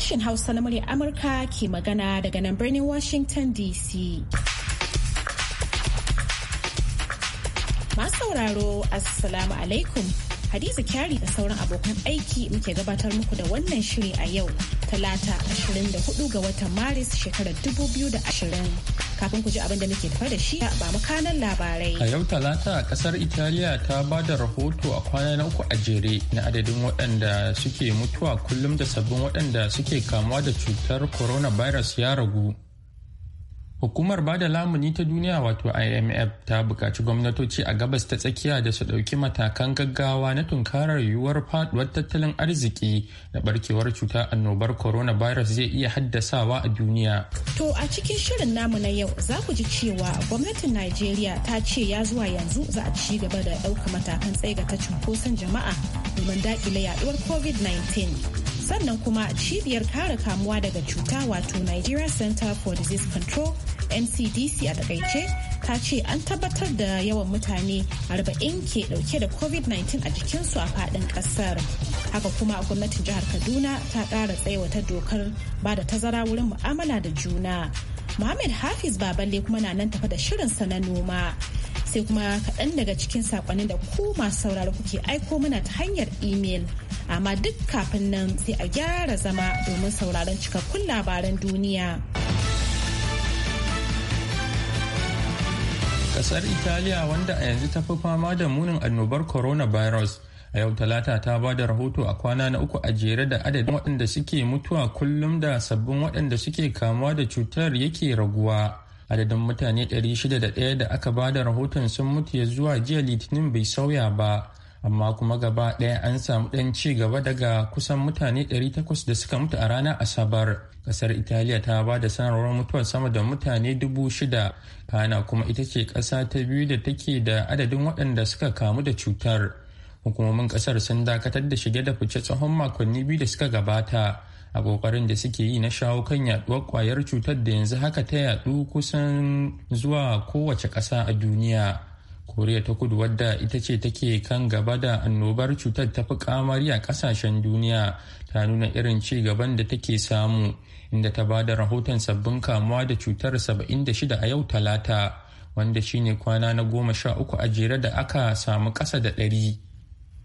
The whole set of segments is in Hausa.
Sashen Hausa na murya Amurka ke magana daga nan birnin Washington DC. Masu sauraro, Assalamu alaikum. Hadiza Kyari da sauran abokan aiki muke gabatar muku da wannan shiri a yau, talata 24 ga watan Maris shekarar 2020. kafin ku ji abin da muke tafa da shi ba makanan labarai. A yau talata ƙasar kasar Italiya ta ba da rahoto a kwana na uku a jere na adadin waɗanda suke mutuwa kullum da sabbin waɗanda suke kamuwa da cutar coronavirus ya ragu. Hukumar bada lamuni ta duniya wato IMF ta bukaci gwamnatoci a gabas ta tsakiya da su ɗauki matakan gaggawa na tunkarar yiwuwar faduwar tattalin arziki da barkewar cuta annobar corona coronavirus zai iya haddasawa a duniya. To a cikin shirin namu na yau za ku ji cewa gwamnatin Najeriya ta ce ya zuwa yanzu za a ci gaba da ɗauka matakan tsaiga ta cunkoson jama'a domin dakile yaɗuwar COVID-19. sannan kuma cibiyar kare kamuwa daga cuta wato Nigeria Center for Disease Control ncdc a takaice ta ce an tabbatar da yawan mutane 40 ke dauke da covid-19 a jikinsu a fadin kasar haka kuma gwamnatin jihar kaduna ta kara tsayawata dokar ba da tazara wurin mu'amala da juna Muhammad Hafiz Baballe kuma na nan tafa da sa na noma. Sai kuma kaɗan daga cikin saƙonin da ku masu sauraro kuke aiko mana ta hanyar imel. Amma duk kafin nan sai a gyara zama domin sauraron cikakkun labaran duniya. Kasar Italiya wanda a yanzu ta fi fama da munin annobar coronavirus a yau talata ta ba da rahoto a kwana na uku a jere da adadin waɗanda suke mutuwa kullum da sabbin waɗanda suke kamuwa da cutar yake raguwa. Adadin mutane 601 da aka ba da rahoton sun mutu ya zuwa jiya litinin bai sauya ba. amma kuma gaba ɗaya an samu ɗan ci gaba daga kusan mutane 800 da suka mutu a ranar asabar ƙasar italiya ta ba da sanarwar mutuwar sama da mutane 6,000. shida kana kuma ita ce ƙasa ta biyu da take da adadin waɗanda suka kamu da cutar hukumomin ƙasar sun dakatar da shige da fice tsohon makonni biyu da suka gabata a ƙoƙarin da suke yi na shawo kan yaɗuwar kwayar cutar da yanzu haka ta yadu kusan zuwa kowace ƙasa a duniya koriya ta kudu wadda ita ce take kan gaba da annobar cutar ta fi kamari a kasashen duniya ta nuna irin ci gaban da take samu inda ta ba da rahoton sabbin kamuwa da cutar 76 a yau talata wanda shine kwana na goma sha uku a jere da aka samu kasa da ɗari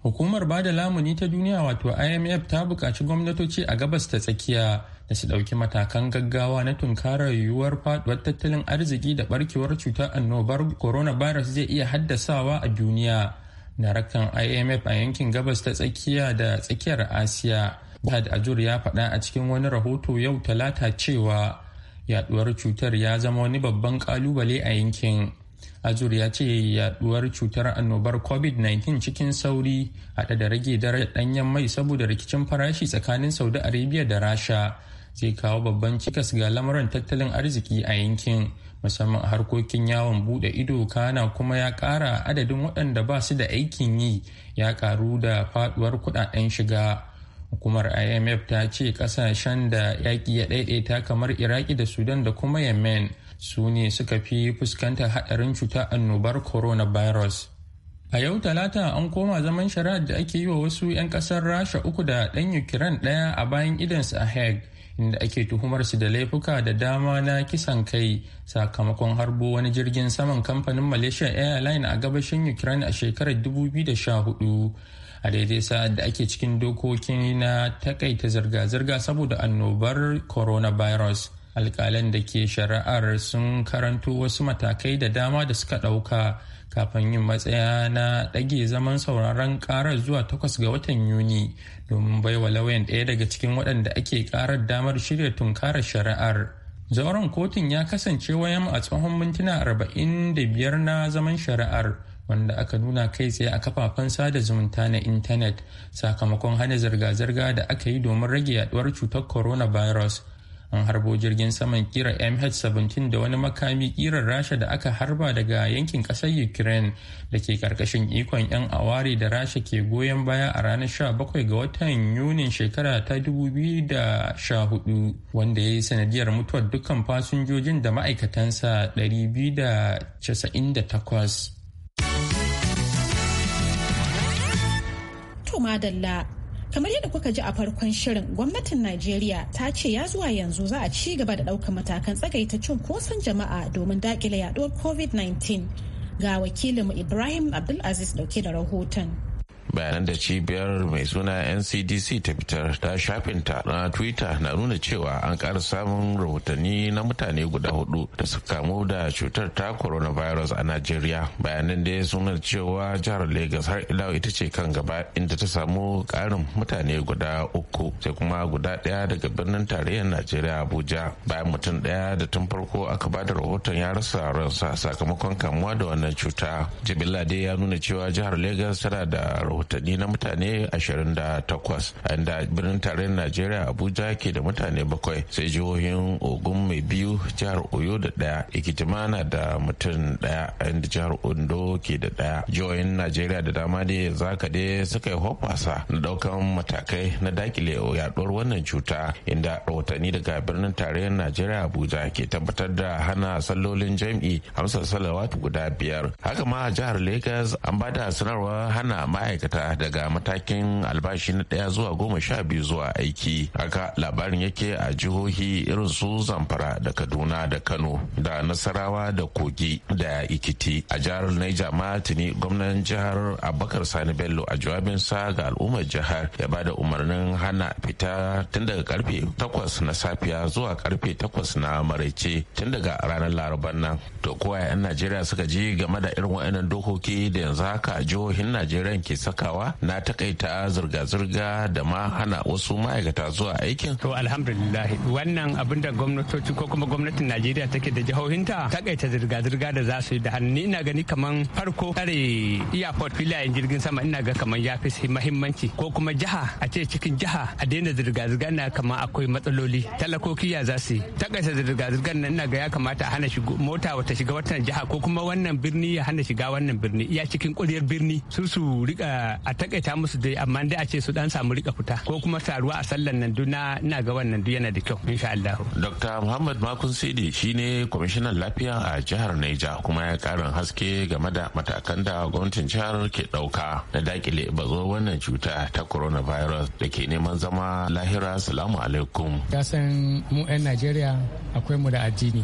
hukumar bada lamuni ta duniya wato imf ta buƙaci gwamnatoci a gabas ta tsakiya da su ɗauki matakan gaggawa na tunkarar yiwuwar faduwar tattalin arziki da barkewar cutar annobar coronavirus zai iya haddasawa a duniya daraktan imf a yankin gabas ta tsakiya da tsakiyar asiya Fahad Ajur ya faɗa a cikin wani rahoto yau talata cewa yaduwar cutar ya zama wani babban kalubale a yankin. Ajur ya ce yaduwar cutar annobar COVID-19 cikin sauri haɗa da rage dare ɗanyen mai saboda rikicin farashi tsakanin Saudi Arabia da Rasha zai kawo babban cikas ga lamuran tattalin arziki a yankin musamman harkokin yawon bude ido kana kuma ya ƙara adadin waɗanda ba su da aikin yi ya ƙaru da faɗuwar kuɗaɗen shiga hukumar imf ta ce kasashen da yaƙi ya ɗaiɗaita kamar iraki da sudan da kuma yemen su ne suka fi fuskantar haɗarin cuta annobar coronavirus. A yau talata an koma zaman shari'ar da ake yi wa wasu 'yan ƙasar Rasha uku da ɗan Ukraine ɗaya a bayan idansu a Hague inda ake tuhumar su da laifuka da dama na kisan kai sakamakon harbo wani jirgin saman kamfanin malaysia airline a gabashin ukraine a shekarar 2014 a daidai sa'ad da ake cikin dokokin na takaita zirga-zirga saboda annobar coronavirus alkalan da ke shari'ar sun karanto wasu matakai da dama da suka ɗauka kafin yin matsaya na ɗage zaman sauraron karar zuwa takwas ga watan yuni domin baiwa lauyan ɗaya daga cikin waɗanda ake karar damar shirya tunkarar shari'ar zauren kotun ya kasance wayan a tsohon mintuna arba'in da biyar na zaman shari'ar wanda aka nuna kai tsaye a kafafen sada zumunta na intanet sakamakon hana zirga-zirga da aka yi domin rage yaduwar cutar coronavirus an harbo jirgin saman kira mh17 da wani makami kirar rasha da aka harba daga yankin kasar ukraine da ke karkashin ikon 'yan aware da rasha ke goyon baya a ranar 17 ga watan yunin shekara ta 2014 wanda ya yi sanadiyar mutuwar dukkan fasinjojin da ma'aikatansa 298 madalla Kamar yadda kuka ji a farkon shirin, gwamnatin Najeriya ta ce ya zuwa yanzu za a ci gaba da ɗaukar matakan tsagaita cin kosan jama'a domin daƙile yaduwar COVID-19. Ga wakilinmu Ibrahim Abdulaziz dauke da rahoton. bayanan da cibiyar mai suna ncdc ta fitar ta shafinta na twitter na nuna cewa an ƙara samun rahotanni na mutane guda hudu da su kamu da cutar ta coronavirus a najeriya bayanan da ya suna cewa jihar Legas har ila ita ce kan gaba inda ta samu ƙarin mutane guda uku sai kuma guda ɗaya daga birnin tarayyar najeriya abuja bayan mutum ɗaya da tun farko aka ba da rahoton ya rasa ransa sakamakon kamuwa da wannan cuta jibilla dai ya nuna cewa jihar Legas tana da rahotanni na mutane 28 inda birnin tarayyar najeriya abuja ke da mutane bakwai sai jihohin ogun mai biyu jihar oyo da daya ikitima na da mutum daya inda jihar ondo ke da daya jihohin najeriya da dama ne za ka dai suka yi hoffasa na daukan matakai na dakile yaduwar wannan cuta inda rahotanni daga birnin tarayyar najeriya abuja ke tabbatar da hana sallolin jam'i hamsar salawat guda biyar haka ma jihar lagos an ba da sanarwar hana ma'aikata ma'aikata daga matakin albashi na ɗaya zuwa goma sha biyu zuwa aiki haka labarin yake a jihohi irin su zamfara da kaduna da kano da nasarawa da kogi da ikiti a jihar naija ma tuni gwamnan jihar abubakar sani bello a jawabinsa ga al'ummar jihar ya ba da umarnin hana fita tun daga karfe takwas na safiya zuwa karfe takwas na maraice tun daga ranar laraban nan to kowa 'yan najeriya suka ji game da irin waɗannan dokoki da yanzu haka jihohin najeriya ke saka taimakawa na takaita zirga-zirga da ma hana wasu ma'aikata zuwa aikin. To alhamdulillah wannan abin da gwamnatoci ko kuma gwamnatin Najeriya take da jihohinta takaita zirga-zirga da za su yi da hannu ina gani kaman farko tsare airport filayen jirgin sama ina ga kamar ya fi mahimmanci ko kuma jiha a ce cikin jiha a daina zirga-zirga na kama akwai matsaloli talakoki ya za su yi takaita zirga zirga na ina ga ya kamata a hana mota wata shiga wata jiha ko kuma wannan birni ya hana shiga wannan birni iya cikin kuliyar birni su su rika a takaita musu dai amma dai a ce su dan samu rika fita ko kuma taruwa a sallan nan duna ina ga wannan duk yana da kyau insha Allah. Dr. Muhammad Makun Sidi shine kwamishinan lafiya a jihar Niger kuma ya karin haske game da matakan da gwamnatin jihar ke dauka na dakile bazo wannan cuta ta coronavirus da ke neman zama lahira salamu alaikum. Ka san mu 'yan nigeria akwai mu da addini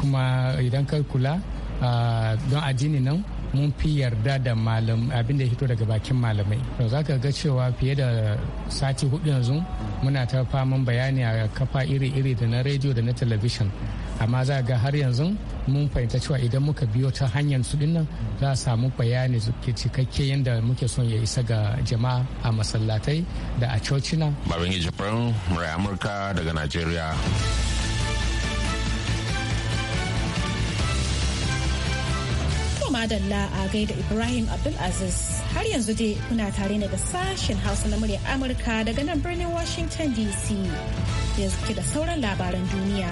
kuma idan ka kula ah, don addini nan mun fi yarda da malam abin da ya fito daga bakin malamai to za ka ga cewa fiye da sati hudu yanzu muna ta faman bayani a kafa iri-iri da na rediyo da na talabishin amma za ga har yanzu mun fahimta cewa idan muka biyo ta hanyar su dinnan za a samu bayani suke cikakke yadda muke son ya isa ga jama'a a masallatai da a cocina. Babangiji Brown, Murai Amurka daga Najeriya. madalla a gaida Ibrahim Abdulaziz. Har yanzu dai kuna tare ne da sashen Hausa na murya Amurka daga nan birnin Washington DC. Yanzu suke da sauran labaran duniya.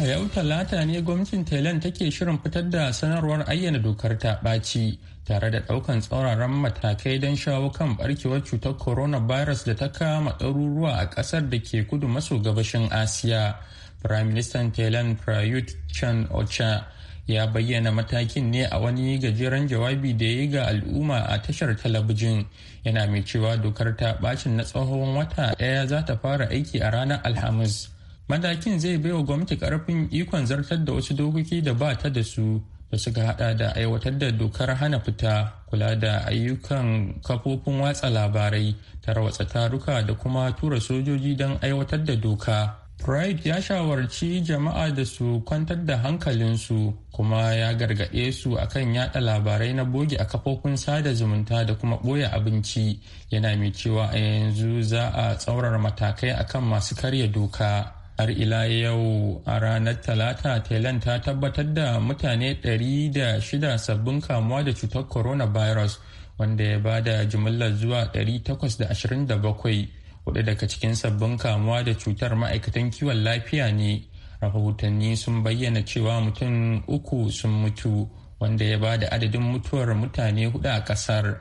A yau talata ne gwamnatin Thailand take shirin fitar da sanarwar ayyana dokar ta ɓaci tare da ɗaukan tsauraran matakai don shawo kan barkewar cutar corona coronavirus da ta kama ɗaruruwa a ƙasar da ke kudu maso gabashin Asiya. minister Thailand Prayut Chan Ocha ya bayyana matakin ne a wani gajeren jawabi da ya yi ga al'umma a tashar talabijin yana mai cewa dokar ta bacin na tsohon wata daya za ta fara aiki a ranar alhamis matakin zai baiwa gwamnati karfin ikon zartar da wasu dokoki da ba ta da su da suka hada da aiwatar da dokar hana fita kula da ayyukan kafofin watsa labarai tarwatsa taruka da kuma tura sojoji don aiwatar da doka Wright ya shawarci jama'a da su kwantar da hankalinsu kuma ya gargaɗe su akan yada labarai na boge a kafofin sada zumunta da kuma ɓoye abinci yana mai cewa a yanzu za a tsaurar matakai akan masu karya doka. har ila yau a ranar talata thailand ta tabbatar da mutane 106 sabbin kamuwa da cutar coronavirus wanda ya bada jimillar zuwa 827 hudu daga cikin sabbin kamuwa da cutar ma'aikatan kiwon lafiya ne rahotanni sun bayyana cewa mutum uku sun mutu wanda ya ba da adadin mutuwar mutane hudu a kasar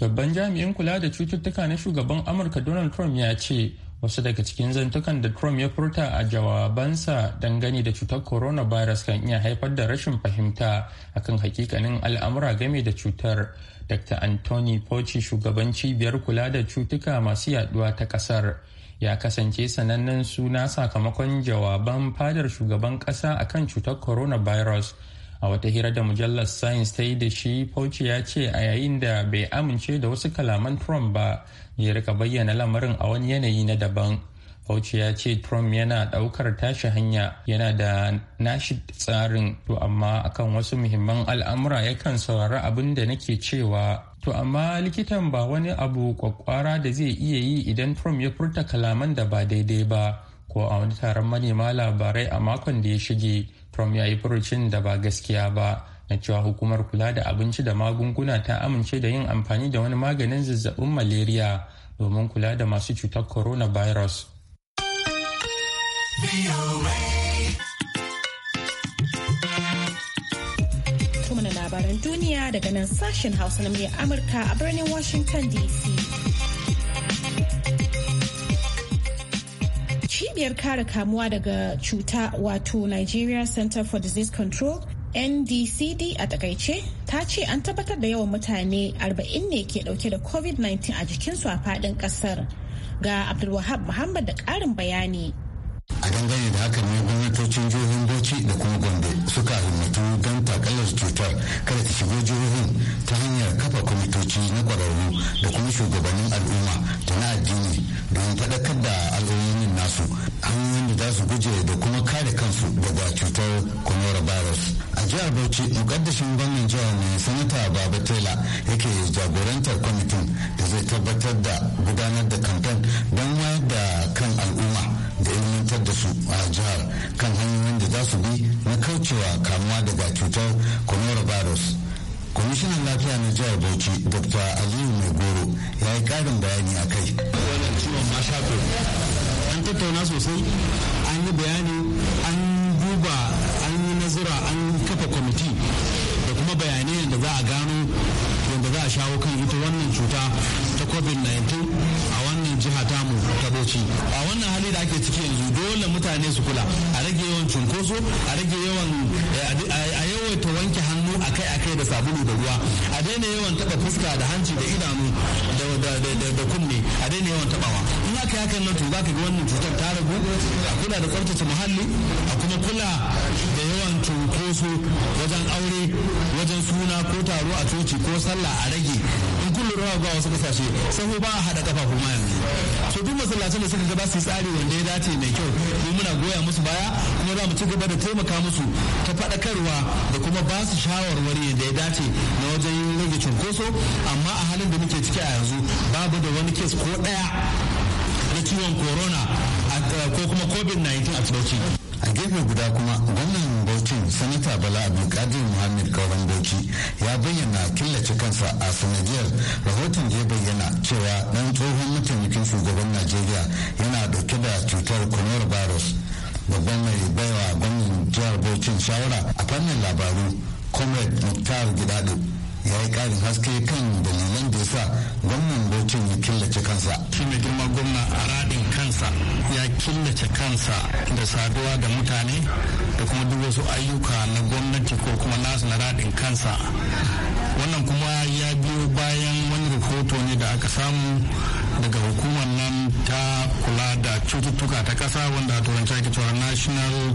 babban jami'in kula da cututtuka na shugaban amurka donald trump ya ce wasu daga cikin zantukan da trump ya furta a jawabansa dangane da cutar coronavirus kan iya haifar da rashin fahimta akan hakikanin al'amura game da cutar dr anthony Fauci, shugaban cibiyar kula da cutuka masu yaduwa ta kasar ya kasance sanannen suna sakamakon jawaban fadar shugaban kasa akan cutar coronavirus a wata hira da mujallar science ta yi da shi fauci ya ce a yayin da bai amince da wasu kalaman trump ba ya rika bayyana lamarin a wani yanayi na daban Fauci ya ce Trump yana ɗaukar tashi hanya yana da nashi tsarin to amma akan wasu muhimman al'amura yakan saurari abin da nake cewa to amma likitan ba wani abu kwakwara da zai iya yi idan Trump ya furta kalaman da ba daidai ba ko a wani taron manema labarai a makon da ya shige Trump ya yi furucin da ba gaskiya ba na cewa hukumar kula da abinci da magunguna ta amince da yin amfani da wani maganin zazzabin malaria domin kula da masu cutar coronavirus Tumana labaran duniya daga nan sashen Hausa na Amurka a birnin Washington DC. Cibiyar kare kamuwa daga cuta wato Nigeria Center for Disease Control ndcd a takaice ta ce an tabbatar da yawan mutane 40 ne ke dauke da covid-19 a jikinsu a fadin kasar ga abdulwahab muhammad da karin bayani a dangane da haka ne gwamnatocin jihohin bauchi da kuma gombe suka himmatu don takalar cutar kada ta shigo jihohin ta hanyar kafa kwamitoci na kwararru da kuma shugabannin al'umma da na addini don faɗakar da al'ummomin nasu hanyoyin da za su guje da kuma kare kansu daga cutar coronavirus a jihar bauchi mukaddashin gwamnan jihar ne sanata baba tela yake jagorantar kwamitin da zai tabbatar da gudanar da kamfen don wayar da kan al'umma ilmantar da su a jihar kan hanyoyin da za su bi na kaucewa kamuwa daga cutar coronavirus kwamishinan lafiya na jihar bauchi dr aliyu mai goro ya yi karin bayani a kai an tattauna sosai an yi bayani an duba an yi nazira an kafa kwamiti da kuma bayanai da za a gano yadda za a shawo kan ita wannan cuta ta covid-19 a jiha tamu ta Bauchi a wannan hali da ake ciki yanzu dole mutane su kula a rage yawan cunkoso a rage yawan eh, a yawaita wanke hannu akai-akai da sabulu da ruwa a daina yawan taba fuska da hanci da idanu da kunne a daina yawan tabawa in aka yi hakan nan to zaka ga wannan cutar ta ragu a kula da tsaftace muhalli a kuma kula da yawan cunkoso wajen aure wajen suna ko taro a coci ko sallah a rage ɗora zuwa wasu kasashe ko ba a haɗa kafafu kuma yanzu so duk masallacin da suka gaba su tsari wanda ya dace mai kyau mu muna goya musu baya kuma za mu ci gaba da taimaka musu ta faɗakarwa da kuma ba su shawarwari da ya dace na wajen yin rage cunkoso amma a halin da muke ciki a yanzu babu da wani kes ko ɗaya na ciwon corona ko kuma covid-19 a talauci a gefe guda kuma gwamnan sanata bala abdulkadir muhammad kauran doki ya bayyana killace kansa a sanadiyar rahoton da ya bayyana cewa dan tsohon mataimakin shugaban najeriya yana dauke da cutar coronavirus babban mai baiwa gwamnan jihar bauchin shawara a fannin labaru comrade muktar Gidadu. ya yi ƙarin haske kan dalilan da ya sa gwamnan bocin ya killace kansa shi mai girma gwamna a raɗin kansa ya killace kansa da saduwa da mutane da kuma duk wasu ayyuka na gwamnati ko kuma nasu na raɗin kansa wannan kuma ya biyo bayan wani rahoto ne da aka samu daga hukumar ta kula da cututtuka ta kasa wanda turanci ake cewa national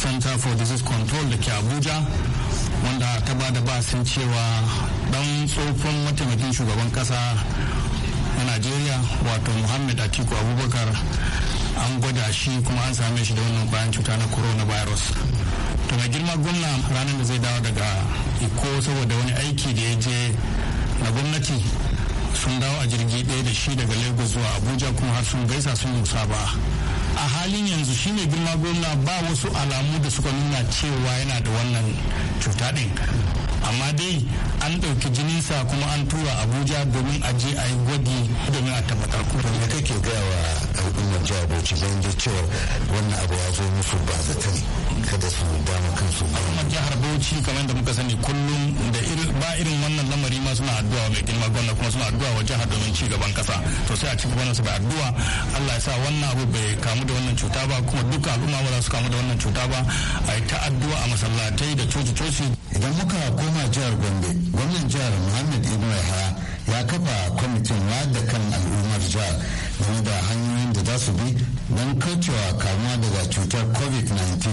center for disease control da ke abuja wanda ta ba da basin cewa dan tsofin mataimakin shugaban kasa na najeriya wato muhammad atiku abubakar an gwada shi kuma an same shi da wannan bayan cuta na coronavirus to mai girma gwamna ranar da zai dawo daga iko saboda wani aiki da ya je na gwamnati sun dawo a jirgi ɗaya da shi daga lagos zuwa abuja kuma har sun gaisa sun musa ba a halin yanzu shine girma gwamna ba wasu alamu da suka nuna cewa yana da wannan cuta ɗin amma dai an ɗauki jininsa kuma an tura abuja domin a je a yi gwadi domin a tabbatar ko da ne kake gaya wa al'ummar jihar bauchi bayan da cewa wannan abu ya zo musu ba zata ne kada su dama kansu al'ummar jihar bauchi kamar yadda muka sani kullum da irin ba irin wannan lamari ma suna addu'a mai girma gwamna kuma suna addu'a wa jihar domin ci gaban kasa to sai a ci gaban su da addu'a Allah ya sa wannan abu bai kamu da wannan cuta ba kuma duka al'umma ba za su kamu da wannan cuta ba a yi ta addu'a a masallatai da coci-coci idan muka koma kuma jihar gombe gwamnan jihar muhammad ibn yahaya ya kafa kwamitin wada kan al'ummar jihar game da hanyoyin da za su bi don kaucewa kamuwa daga cutar covid-19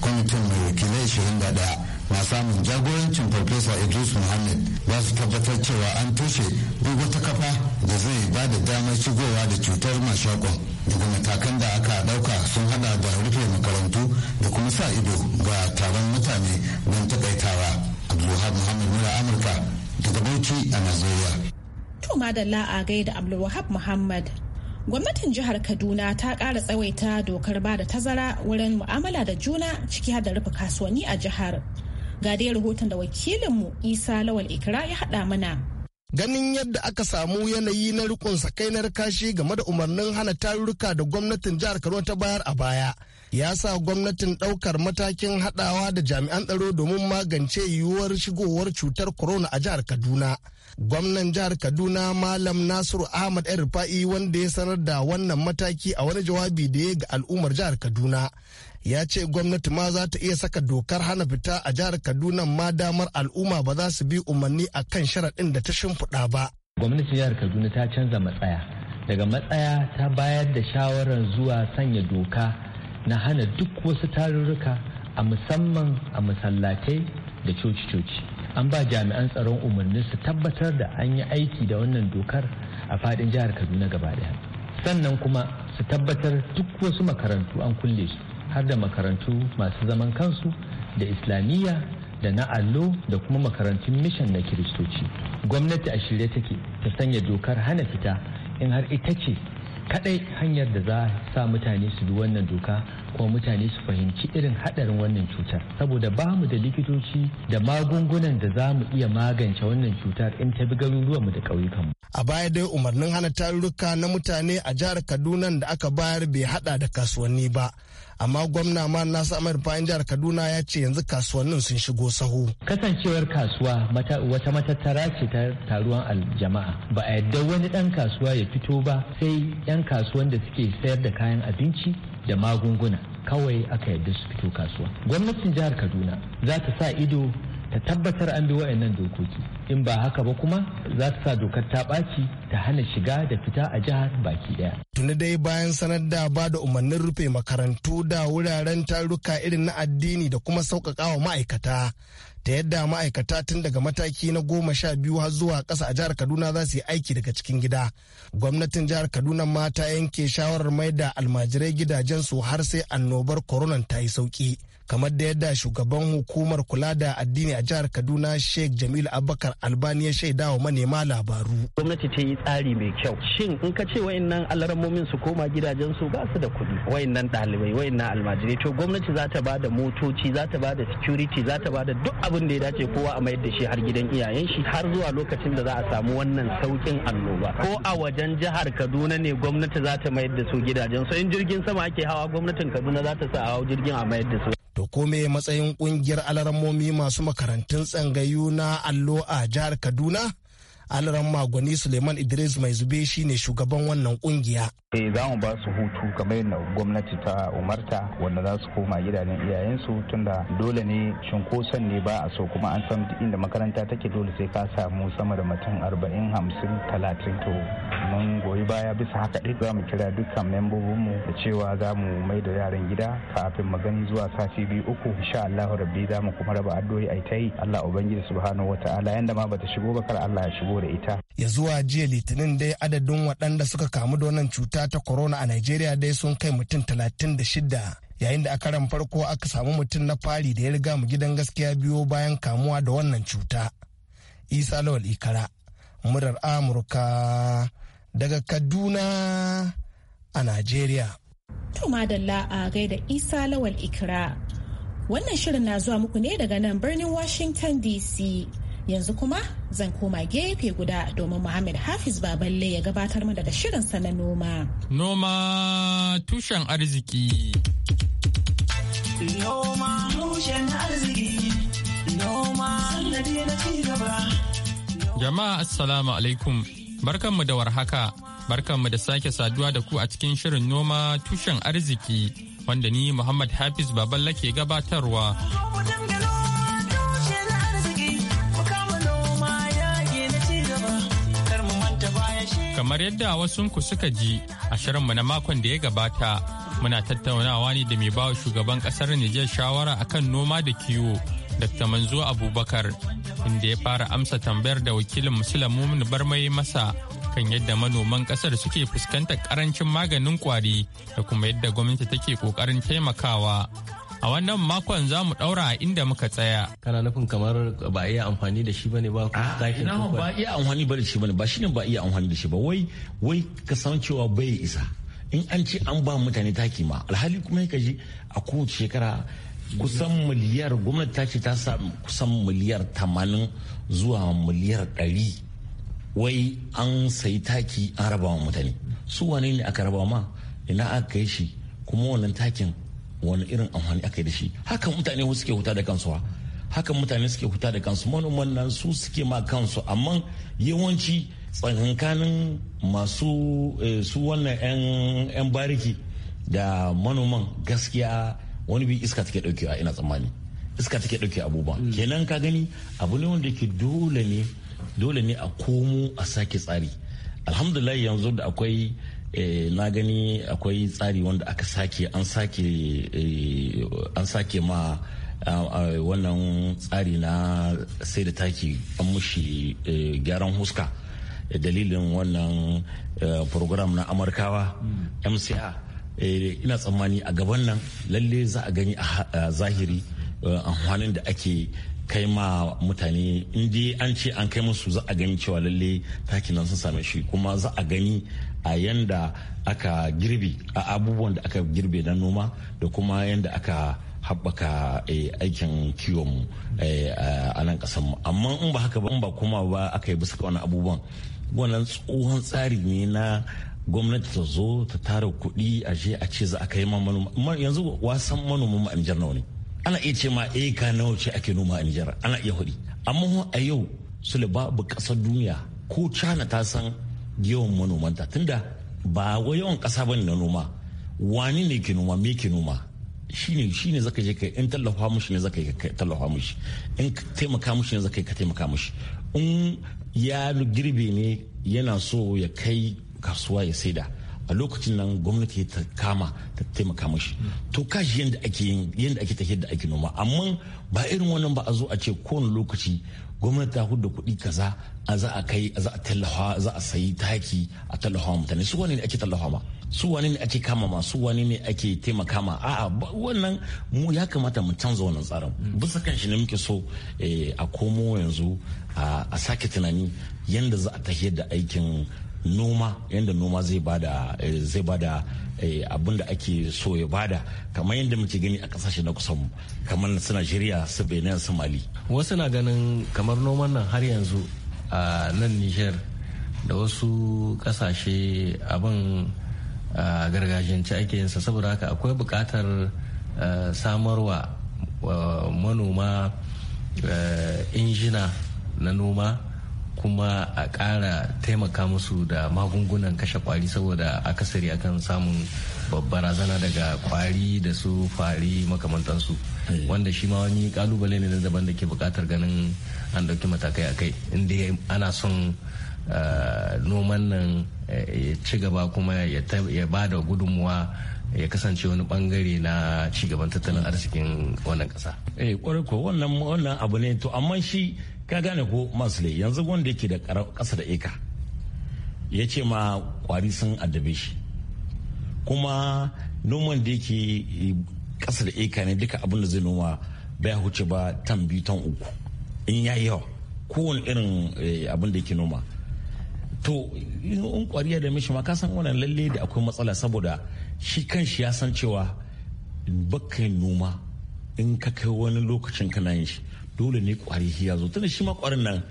kwamitin mai wakilai shirin daya na samun jagorancin farfesa idris muhammad za su tabbatar cewa an toshe duk wata kafa da zai ba da damar shigowa da cutar mashakon daga matakan da aka dauka sun hada da rufe makarantu da kuma sa ido ga taron mutane don takaitawa Abdulwahab Muhammad na Amurka daga Bauchi a Najeriya. To madalla a gaida Abdulwahab Muhammad. Gwamnatin jihar Kaduna ta ƙara tsawaita dokar ba da tazara wurin mu'amala da juna ciki har da rufe kasuwanni a jihar. Ga dai rahoton da wakilinmu Isa Lawal Ikra ya haɗa mana. ganin yadda aka samu yanayi na rikon sakainar kashi game da umarnin hana tarurruka da gwamnatin jihar kaduna ta bayar a baya ya sa gwamnatin ɗaukar matakin haɗawa da jami'an tsaro domin magance yiwuwar shigowar cutar corona a jihar kaduna gwamnan jihar kaduna malam nasiru ahmad yan rufa'i wanda ya sanar da wannan mataki a wani jawabi da ya ga al'ummar jihar kaduna ya ce gwamnati ma za ta iya saka dokar hana fita a jihar kaduna ma damar al'umma ba za su bi umarni a kan sharaɗin da ta shimfiɗa ba gwamnatin jihar kaduna ta canza matsaya daga matsaya ta bayar da shawarar zuwa sanya doka na hana duk wasu tarurruka a musamman a masallatai da coci-coci an ba jami'an tsaron umarnin su tabbatar da an yi aiki da wannan dokar a fadin jihar kaduna gaba daya sannan kuma su tabbatar duk wasu makarantu an kulle su har da makarantu masu zaman kansu da islamiyya da na allo da kuma makarantun mishan na kiristoci gwamnati a shirye take ta sanya dokar hana fita in har ita ce kadai hanyar da za a sa mutane su bi wannan doka kuma mutane su fahimci irin haɗarin wannan cutar saboda ba mu da likitoci da magungunan da za mu iya magance wannan cutar in ta bi garuruwanmu da mu a baya dai umarnin hana tarurruka na mutane a jihar kaduna da aka bayar bai hada da kasuwanni ba amma gwamna ma na amir bayan jihar kaduna ya ce yanzu kasuwannin sun shigo sahu kasancewar kasuwa wata matattara ce ta taruwan aljama'a ba a yadda wani dan kasuwa ya fito ba sai yan kasuwan da suke sayar da kayan abinci da magunguna kawai aka yarda su fito kasuwa gwamnatin jihar kaduna za ta sa ido ta tabbatar an bi wayannan dokoki in ba haka ba kuma za ta sa dokar ta ɓaci ta hana shiga da fita a jihar baki daya. tuni dai bayan sanar da ba da umarnin rufe makarantu da wuraren taruka irin na addini da kuma sauƙaƙawa ma'aikata ta yadda ma'aikata tun daga mataki na goma sha biyu har zuwa ƙasa a jihar kaduna za su yi aiki daga cikin gida gwamnatin jihar kaduna ma ta yanke shawarar mai da almajirai gidajensu har sai annobar koronan ta yi sauki kamar da yadda shugaban hukumar kula da addini a jihar kaduna sheikh jamil abakar albani ya shaida wa manema labaru gwamnati ta yi tsari mai kyau shin in ka ce wayannan alarmomin su koma gidajensu ba su da kuɗi wayannan ɗalibai wayannan almajirai to gwamnati za ta ba da motoci za ta ba da security za ta ba da duk abin da ya dace kowa a mayar da shi har gidan iyayen shi har zuwa lokacin da za a samu wannan saukin annoba ko a wajen jihar kaduna ne gwamnati za ta mayar da su gidajen su? in jirgin sama ake hawa gwamnatin kaduna za ta sa a hau jirgin a mayar da su To me matsayin kungiyar alarammomi masu makarantun tsangayu na allo a jihar Kaduna? alaran magwani suleiman idris mai zube shine shugaban wannan kungiya eh za mu ba su hutu kamar yadda gwamnati ta umarta wanda za su koma gidajen iyayensu tunda dole ne cunkoson ne ba a so kuma an san inda makaranta take dole sai ka samu sama da mutum arba'in hamsin talatin to mun goyi baya bisa haka ɗin za mu kira dukkan membobinmu da cewa za mu mai da yaran gida kafin magani zuwa sati biyu uku insha Allahu rabbi za mu kuma raba addu'o'i ai Allah ubangiji subhanahu wataala yanda ma bata shigo ba kar Allah ya shigo da ita ya zuwa jiya litinin dai adadin waɗanda suka kamu da wannan cuta ta corona a Najeriya dai sun kai mutum talatin da shida yayin da a karan farko aka samu mutum na fari da ya riga mu gidan gaskiya biyo bayan kamuwa da wannan cuta isa lawal ikara murar amurka daga Kaduna a Najeriya. To madalla a gaida Isa Lawal Ikra. Wannan shirin na zuwa muku ne daga nan birnin Washington DC. Yanzu kuma zan koma gefe guda domin Muhammad Hafiz Baballe ya gabatar mana da shirinsa na noma. Noma tushen arziki. Noma tushen arziki. Noma na ci gaba. Jama'a Assalamu alaikum. Barkanmu da warhaka, barkanmu da sake saduwa da ku a cikin shirin noma tushen arziki wanda ni Muhammad Hafiz Baballa ke gabatarwa. Kamar yadda wasunku suka ji a shirinmu na makon da ya gabata, muna tattaunawa ne da mai bawa shugaban kasar Nijar shawara akan noma da kiwo. Dr. Manzo Abubakar inda ya fara amsa tambayar da wakilin bar Barmai masa kan yadda manoman kasar suke fuskantar karancin maganin kwari da kuma yadda gwamnati take kokarin taimakawa. a wannan makon za mu daura inda muka tsaya. kana nufin kamar ba a iya amfani da shi bane ba zakin ah, kuka ba iya amfani da shi bane ba shine ba iya amfani da shi ba wai wai cewa bai isa in an ce an ba mutane taki ma alhali kuma ka ji a kowace shekara kusan miliyar gwamnati ta ce ta sa kusan miliyar tamanin zuwa miliyar ɗari wai an sayi taki an raba wa mutane su wane ne aka raba ma ina aka yi shi kuma wannan takin wani irin amfani aka yi da shi haka mutane suke huta da kansu haka mutane suke huta da kansu manoman nan su suke ma kansu amma yawanci tsakankanin masu eh, su wannan 'yan bariki da manoman gaskiya wani bi iska take daukewa ina tsammani iska take dauke abubuwa hmm. kenan ka gani abu ne wanda yake dole ne dole ne a komo a sake tsari alhamdulillah yanzu da akwai eh, na gani akwai tsari wanda aka sake an sake eh, an sake ma wannan tsari na sai da taki an mushi eh, gyaran huska dalilin wannan program na amurkawa mca hmm. Eh, ina tsammani a gaban nan lalle za a gani a zahiri eh, amfanin da ake kai ma mutane inda an ce an kai musu za a gani cewa lalle taki nan sun same shi kuma za a gani a yanda aka girbi a abubuwan da aka girbe na noma da kuma yanda aka haɓaka eh, aikin kiwonmu a nan mu amma in ba haka ba in ba kuma ba aka yi bisa wani abubuwan wannan tsohon tsari ne na gwamnati ta zo ta tara kuɗi a je a ce za a kai manoma yanzu wasan manoma a Nijar nawa ne ana iya ce ma ka nawa ce ake noma a Nijar ana iya hudi amma a yau su babu ƙasar duniya ko China ta san yawan manomanta tunda ba wa yawan ƙasa bane na noma wani ne ke noma me ke noma shine shine zaka je kai in tallafa mushi ne zaka ka tallafa mushi in taimaka mushi ne zaka ka taimaka mushi in ya girbe ne yana so ya kai kasuwa ya saida a lokacin nan gwamnati ta kama ta taimaka mashi to kashi yadda ake yin yadda ake tafiyar da ake noma amma ba irin wannan ba a zo a ce kowane lokaci gwamnati ta hudu kuɗi kaza a za a kai za a tallafa za a sayi taki a tallafa mutane su wani ne ake tallafa ma su wani ne ake kama ma su wani ne ake taimaka ma a'a wannan mu ya kamata mu canza wannan tsarin bisa kan shi ne muke so eh, a komo yanzu a sake tunani yanda za a tafiyar da aikin noma yadda noma zai bada eh, zai bada eh, abin da ake so ya bada kamar yadda muke gani a kasashe na kusan kamar su Najeriya su Benin su Mali wasu na ganin kamar noman nan har yanzu a nan Niger da wasu kasashe abin gargajiyance ake yinsa saboda haka akwai bukatar eh, samarwa manoma injina na noma kuma a ƙara taimaka musu da magungunan kashe kwari saboda akasari akan samun barazana daga kwari da su fari makamantansu eh. wanda shi ma wani kalubale ne na daban da ke bukatar ganin an ɗauki matakai a kai inda ana son eh, noman nan eh, ya ci gaba kuma ya ba da gudunmuwa ya kasance wani bangare na cigaban tattalin arzikin wannan kasa. Eh ko wannan abu ne to amma shi ka gane ko masle yanzu wanda yake da kasa da eka ya ce ma kwari sun addabe shi kuma noman da yake kasa da eka ne duka abin da zai noma bai huce ba tan biyu tan uku in ya yawa kowane irin eh, abin da yake noma to in kwari ya dame shi ma ka san wannan lalle da akwai matsala saboda shi kan shi ya san cewa bakkai noma in ka kai wani lokacin kana yin shi dole ne kwari hiya zo tunda shi ma kwarin nan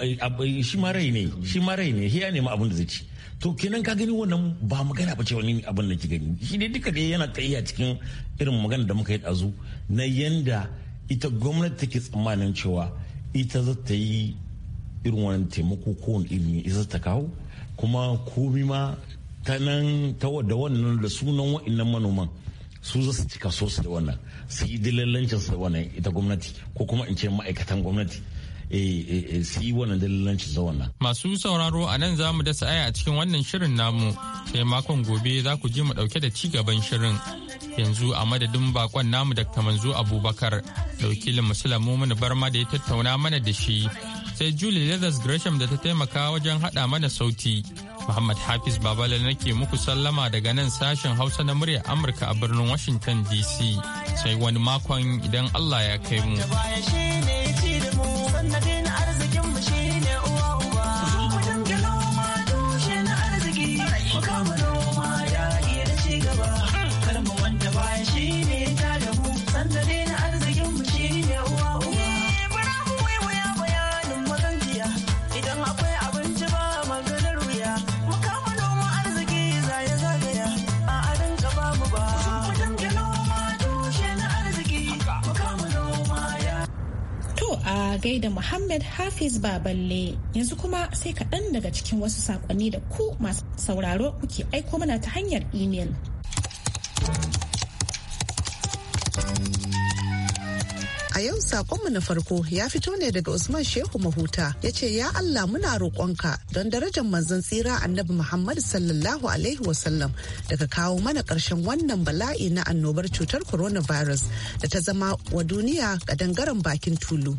eh, eh, shi ma rai ne shi ma rai ne hiya ne ma abin da zai ci to kenan ka gani wannan ba magana ba ce wani abin da ki gani shi ne duka dai yana kai a cikin irin magana da muka yi dazu na yanda ita gwamnati take tsammanin cewa ita za ta yi irin wani taimako ko wani ilimi ita ta kawo kuma komi ma ta nan ta da wannan da sunan wa'annan manoman su za su cika so su da wannan su yi dillancin su wannan ita gwamnati ko kuma in ce ma'aikatan gwamnati eh, eh, eh, su yi wannan dillancin da wannan. Masu sauraro a nan za mu dasa aya a cikin wannan shirin namu sai makon gobe za ku je mu ɗauke da ci gaban shirin. Yanzu a madadin bakon namu da Manzo Abubakar da wakilin mu Mumunu Barma da ya tattauna mana da shi sai Julie Leathers Gresham da ta taimaka wajen haɗa mana sauti. Muhammad Hafiz Babala nake muku sallama daga nan sashen Hausa na muryar Amurka a birnin Washington DC. Sai wani makon idan Allah ya kai mu. da Muhammad Hafiz Baballe. Yanzu kuma sai kaɗan daga cikin wasu saƙonni da ku masu sauraro kuke aiko mana ta hanyar imel. A yau saƙonmu na farko ya fito ne daga Usman Shehu Mahuta ya ce ya Allah muna roƙonka don darajar manzon tsira annabi muhammadu sallallahu Alaihi wasallam daga kawo mana ƙarshen wannan bala'i na annobar cutar coronavirus da ta zama wa duniya ga dangaren bakin tulu.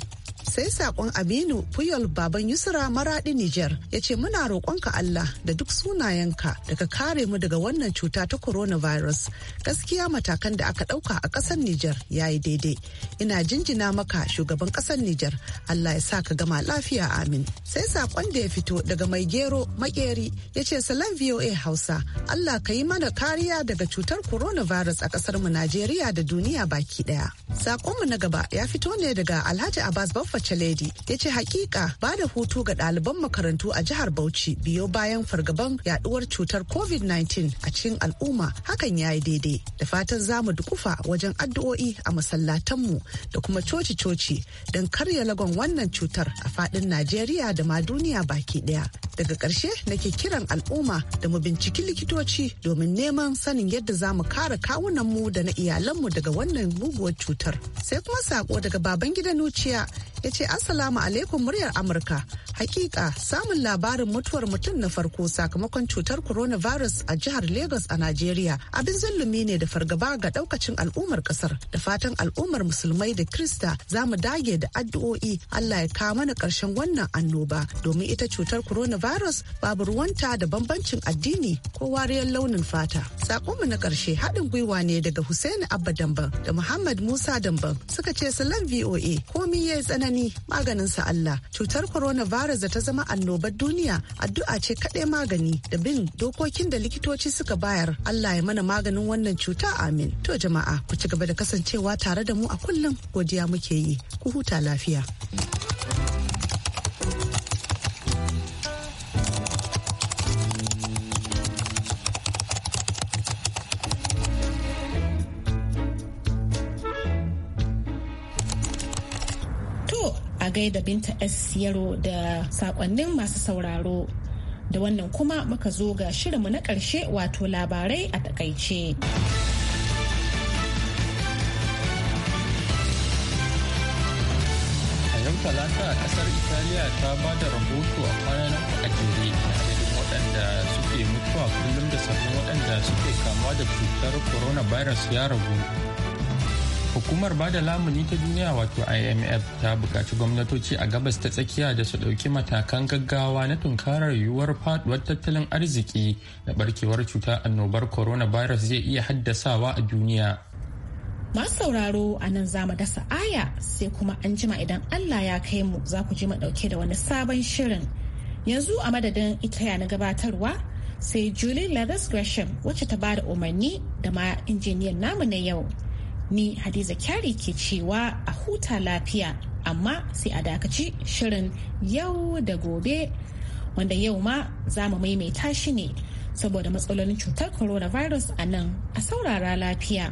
sai sakon aminu puyol baban yusra maradi niger ya ce muna roƙonka allah da duk sunayenka da ka kare mu daga wannan cuta ta coronavirus gaskiya matakan da aka ɗauka a ƙasar niger ya yi daidai ina jinjina maka shugaban ƙasar niger allah ya sa ka gama lafiya amin sai sakon da ya fito daga mai gero makeri ya ce salam voa hausa allah ka yi mana kariya daga cutar coronavirus a ƙasar mu najeriya da duniya baki ɗaya sakonmu na gaba ya fito ne daga alhaji abbas baffa Lady ya ce hakika ba da hutu ga ɗaliban makarantu a jihar Bauchi biyo bayan fargaban yaduwar cutar COVID-19 a cikin al'umma hakan ya yi daidai. Da fatan za mu dukufa wajen addu'o'i a masallatanmu da kuma coci-coci don karya lagon wannan cutar a faɗin Najeriya da ma duniya baki ɗaya. daga ƙarshe nake kiran al'umma da mu binciki likitoci domin neman sanin yadda za mu kare mu da na iyalanmu daga wannan muguwar cutar sai kuma sako daga baban gida nuciya ya ce assalamu alaikum muryar amurka hakika samun labarin mutuwar mutum na farko sakamakon cutar coronavirus a jihar lagos a najeriya abin zulumi ne da fargaba ga daukacin al'ummar kasar da fatan al'ummar musulmai da krista za mu dage da addu'o'i allah ya kawo mana karshen wannan annoba domin ita cutar coronavirus coronavirus babu ruwanta da bambancin addini ko wariyar launin fata. Sakonmu na ƙarshe haɗin gwiwa ne daga Hussaini Abba Damban da Muhammad Musa Damban suka ce salon VOA komi ya tsanani maganin sa Allah. Cutar coronavirus da ta zama annobar duniya addu'a ce kaɗai magani da bin dokokin da likitoci suka bayar Allah ya mana maganin wannan cuta amin. To jama'a ku ci gaba da kasancewa tare da mu a kullum godiya muke yi ku huta lafiya. da binta S Yaro da sakonnin masu sauraro. Da wannan kuma muka zo ga shirinmu na karshe wato labarai a takaice. A yau talata a kasar Italiya ta ba da rahoto a kwanan a jere waɗanda suke mutuwa kullum da sabbin waɗanda suke kama da cutar coronavirus ya ragu. hukumar bada lamuni ta duniya wato imf ta bukaci gwamnatoci a gabas ta tsakiya da su ɗauki matakan gaggawa na tunkarar yiwuwar faduwar tattalin arziki da barkewar cuta annobar coronavirus zai iya haddasawa a duniya masu sauraro a nan za mu dasa aya sai kuma an jima idan allah ya kai mu za ku ji mu ɗauke da wani sabon shirin yanzu a madadin ita na gabatarwa sai julie leathers gresham wacce ta ba da umarni da ma injiniyan namu na yau ni hadiza kyari ke cewa a huta lafiya amma sai a dakaci shirin yau da gobe wanda yau ma za mu maimaita shi ne saboda matsalolin cutar coronavirus a nan a saurara lafiya.